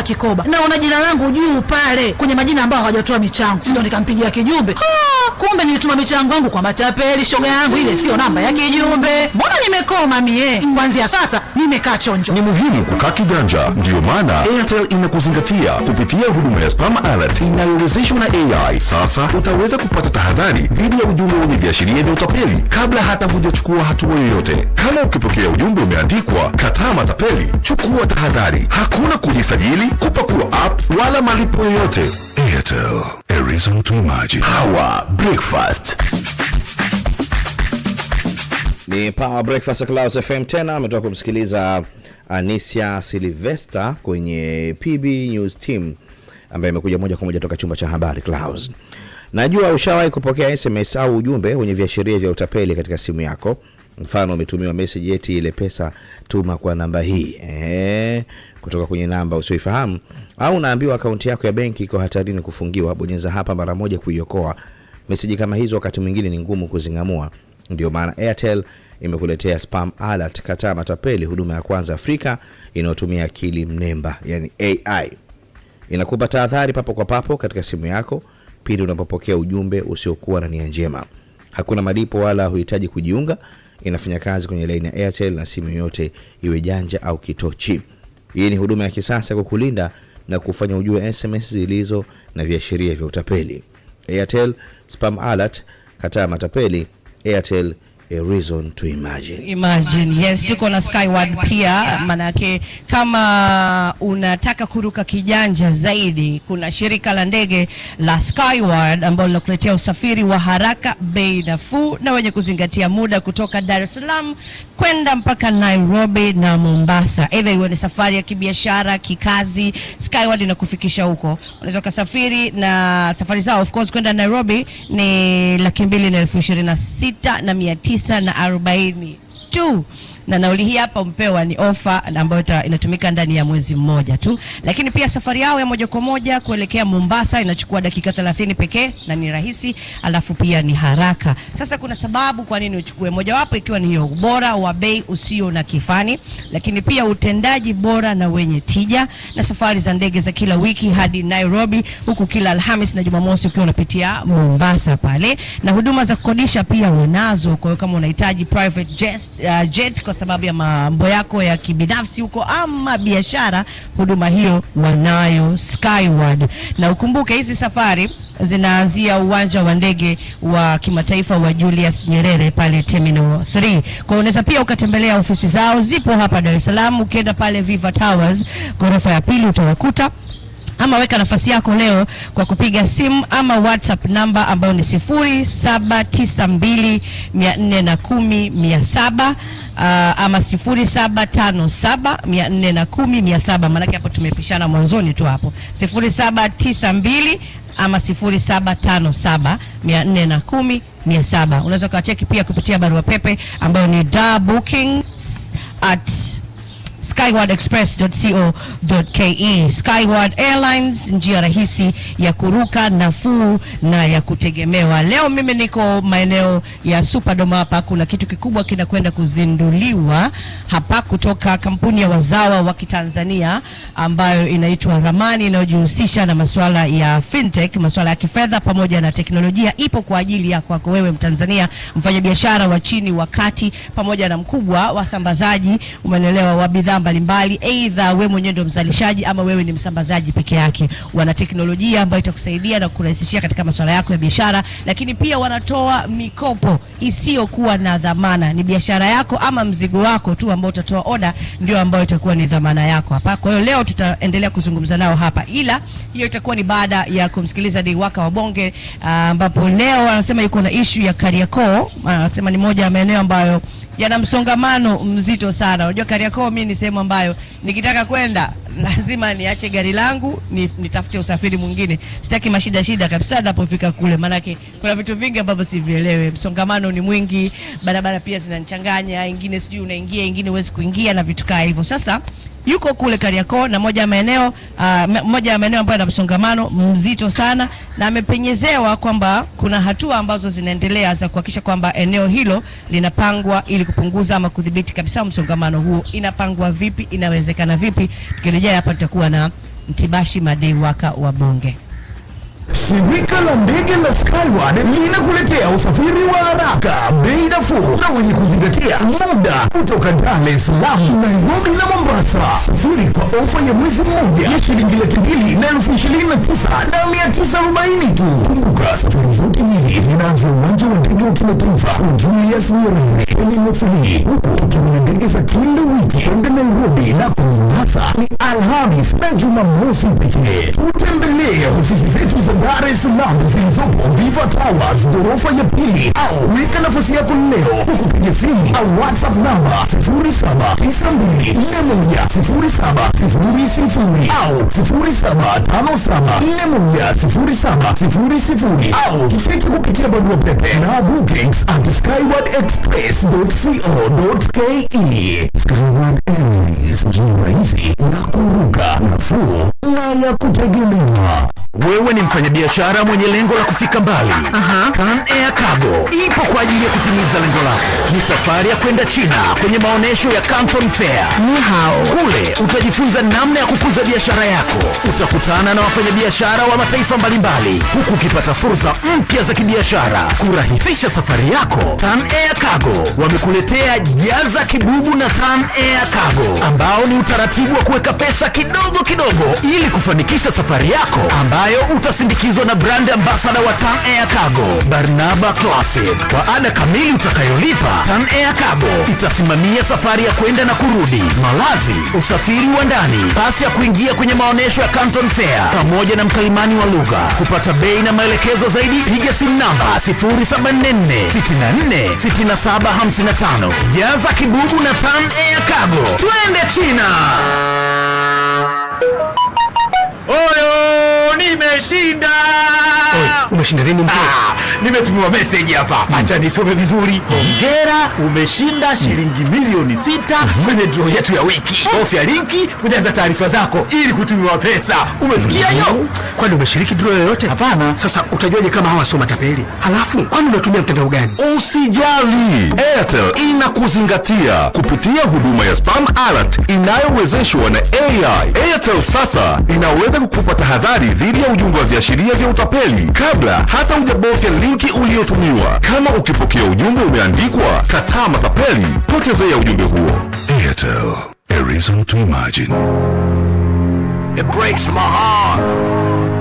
ametoa kikoba, naona jina langu juu pale kwenye majina ambayo hawajatoa michango, sindo nikampigia kijumbe ah! kumbe nilituma michango yangu kwa matapeli. Shoga yangu ile siyo namba ya kijumbe. Mbona nimekoma mie? Kwanzia sasa nimekaa chonjo. Ni muhimu kukaa kiganja, ndiyo maana Airtel inakuzingatia kupitia huduma ya spam alert inayowezeshwa na AI. Sasa utaweza kupata tahadhari dhidi ya ujumbe wenye viashiria vya utapeli kabla hata hujachukua hatua yoyote. Kama ukipokea ujumbe umeandikwa kataa matapeli, chukua tahadhari. Hakuna kujisajili, kupakua app wala malipo yoyote. Airtel reason to imagine. Power Breakfast. Ni Power Breakfast Clouds FM tena ametoka kumsikiliza Anisia Silvester kwenye PB News Team ambaye imekuja moja kwa moja toka chumba cha habari Clouds. Najua ushawahi kupokea SMS au ujumbe wenye viashiria vya utapeli katika simu yako. Mfano, umetumiwa message eti ile pesa tuma kwa namba hii ehe, kutoka kwenye namba usioifahamu, au unaambiwa akaunti yako ya benki iko hatarini kufungiwa, bonyeza hapa mara moja kuiokoa. Meseji kama hizo wakati mwingine ni ngumu kuzingamua, ndio maana Airtel imekuletea spam alert. Kataa matapeli, huduma ya kwanza Afrika inayotumia akili mnemba, yani AI inakupa tahadhari papo kwa papo katika simu yako pindi unapopokea ujumbe usiokuwa na nia njema. Hakuna malipo wala huhitaji kujiunga inafanya kazi kwenye laini ya Airtel na simu yoyote iwe janja au kitochi. Hii ni huduma ya kisasa kwa kulinda na kufanya ujue SMS zilizo na viashiria vya utapeli. Airtel Spam Alert, kataa matapeli. Airtel a reason to imagine. Imagine, yes, tuko na Skyward pia, manake kama unataka kuruka kijanja zaidi, kuna shirika la ndege la Skyward ambao linakuletea usafiri wa haraka, bei nafuu na wenye kuzingatia muda kutoka Dar es Salaam kwenda mpaka Nairobi na Mombasa. Either iwe ni safari ya kibiashara, kikazi, Skyward inakufikisha huko. Unaweza kusafiri na safari zao of course kwenda Nairobi ni laki mbili na elfu ishirini na sita na mia tisa tisa na arobaini tu na nauli hii hapa umpewa ni ofa ambayo inatumika ndani ya mwezi mmoja tu, lakini pia safari yao ya moja kwa moja kuelekea Mombasa inachukua dakika 30 pekee na ni rahisi, alafu pia ni haraka. Sasa kuna sababu kwa nini uchukue, mojawapo ikiwa ni hiyo ubora wa bei usio na kifani, lakini pia utendaji bora na wenye tija, na safari za ndege za kila wiki hadi Nairobi, huku kila Alhamis na Jumamosi ukiwa unapitia Mombasa pale, na huduma za kukodisha pia unazo. Kwa hiyo kama unahitaji private jet, uh, jet kwa sababu ya mambo yako ya kibinafsi huko ama biashara, huduma hiyo wanayo Skyward. Na ukumbuke hizi safari zinaanzia uwanja wa ndege wa kimataifa wa Julius Nyerere pale Terminal 3. Kwa unaweza pia ukatembelea ofisi zao, zipo hapa Dar es Salaam. Ukienda pale Viva Towers ghorofa ya pili utawakuta ama weka nafasi yako leo kwa kupiga simu ama WhatsApp namba ambayo ni 0792410700 uh, ama sifuri saba tano saba mia nne na kumi mia saba maanake hapo tumepishana mwanzoni tu hapo, sifuri saba tisa mbili ama sifuri saba tano saba mia nne na kumi mia saba. Unaweza ukawacheki pia kupitia barua pepe ambayo ni da bookings at skywardexpress.co.ke. Skyward Airlines, njia rahisi ya kuruka, nafuu na ya kutegemewa. Leo mimi niko maeneo ya Superdome hapa, kuna kitu kikubwa kinakwenda kuzinduliwa hapa kutoka kampuni ya wazawa wa Kitanzania ambayo inaitwa Ramani, inayojihusisha na masuala ya fintech, masuala ya kifedha pamoja na teknolojia. Ipo kwa ajili ya kwako wewe Mtanzania, mfanyabiashara wa chini, wa kati pamoja na mkubwa, wasambazaji, umeelewa, wa bidhaa bidhaa mbalimbali, aidha wewe mwenyewe ndio mzalishaji ama wewe ni msambazaji peke yake. Wana teknolojia ambayo itakusaidia na kurahisishia katika masuala yako ya biashara, lakini pia wanatoa mikopo isiyokuwa na dhamana. Ni biashara yako ama mzigo wako tu ambao utatoa oda ndio ambayo itakuwa ni dhamana yako hapa. Kwa hiyo leo tutaendelea kuzungumza nao hapa, ila hiyo itakuwa ni baada ya kumsikiliza Dewaka wa Bonge ah, ambapo leo anasema yuko na ishu ya Kariakoo, anasema ni moja ya maeneo ambayo yana msongamano mzito sana. Unajua Kariakoo mimi ni sehemu ambayo nikitaka kwenda lazima niache gari langu nitafute ni usafiri mwingine. Sitaki mashida shida kabisa napofika kule, maanake kuna vitu vingi ambavyo sivielewe. Msongamano ni mwingi, barabara pia zinanichanganya, ingine sijui unaingia, ingine huwezi kuingia na vitu kaa hivyo. Sasa yuko kule Kariakoo na moja ya maeneo uh, moja ya maeneo ambayo yana msongamano mzito sana, na amepenyezewa kwamba kuna hatua ambazo zinaendelea za kuhakikisha kwamba eneo hilo linapangwa ili kupunguza ama kudhibiti kabisa msongamano huo. Inapangwa vipi? Inawezekana vipi? Tukirejea hapa, tutakuwa na Mtibashi waka wa Bunge. Shirika la ndege la Skyward linakuletea usafiri wa haraka, bei nafuu na wenye kuzingatia muda kutoka Dar es Salaam, Nairobi na Mombasa. Safiri kwa ofa ya mwezi mmoja ya shilingi laki mbili na elfu ishirini na tisa na mia tisa arobaini tu. Kumbuka safari zote hizi zinaanza uwanja wa ndege wa kimataifa wa Julius Nyerere imewasili huku tukiwa na ndege za kila wiki kwenda Nairobi na Mombasa ni Alhamis na Jumamosi pekee. Tutembelee ofisi zetu za Dar es Salaam zilizopo Viva Towers ghorofa ya pili, au weka nafasi yako leo kwa kupiga simu au WhatsApp namba 0792410700 au 0757410700 au tusiki kupitia barua pepe na bookings at skywardexpress www.co.ke. Skyward Airlines, njia rahisi ya kuruka nafuu na ya kutegemewa. Wewe ni mfanyabiashara mwenye lengo la kufika mbali. Aha. Tan Air Cargo ipo kwa ajili ya kutimiza lengo lako. Ni safari ya kwenda China kwenye maonyesho ya Canton Fair. Ni hao. Kule utajifunza namna ya kukuza biashara yako. Utakutana na wafanyabiashara wa mataifa mbalimbali huku ukipata fursa mpya za kibiashara. Kurahisisha safari yako, Tan Air Cargo wamekuletea jaza kibubu na Tan Air Cargo ambao ni utaratibu wa kuweka pesa kidogo kidogo ili kufanikisha safari yako ambao ambayo utasindikizwa na brand ambassador wa Tan Air Cargo Barnaba Classic. Kwa ada kamili utakayolipa, Tan Air Cargo itasimamia safari ya kwenda na kurudi, malazi, usafiri wa ndani, pasi ya kuingia kwenye maonyesho ya Canton Fair pamoja na mkalimani wa lugha. Kupata bei na maelekezo zaidi, piga simu namba 0744646755. Jaza kibubu na Tan Air Cargo, twende China. Oyo! nimeshinda. Umeshinda nini mzee? Ah, nimetumiwa meseji hapa, mm-hmm. acha nisome vizuri. Mm-hmm. ongera umeshinda mm-hmm. shilingi milioni sita kwenye dro yetu ya wiki. Bofya oh. linki kujaza taarifa zako ili kutumiwa pesa. Umesikia hiyo? Kwani umeshiriki draw yoyote? Hapana. Sasa utajuaje kama hawa soma tapeli Halafu kwani unatumia mtandao gani? Usijali, Airtel inakuzingatia kupitia huduma ya spam alert inayowezeshwa na AI. Airtel sasa inaweza kukupa tahadhari dhidi ya ujumbe wa viashiria vya utapeli kabla hata hujabofya linki uliotumiwa. Kama ukipokea ujumbe umeandikwa kataa matapeli, potezea ujumbe huo. Airtel, a reason to imagine. It breaks my heart.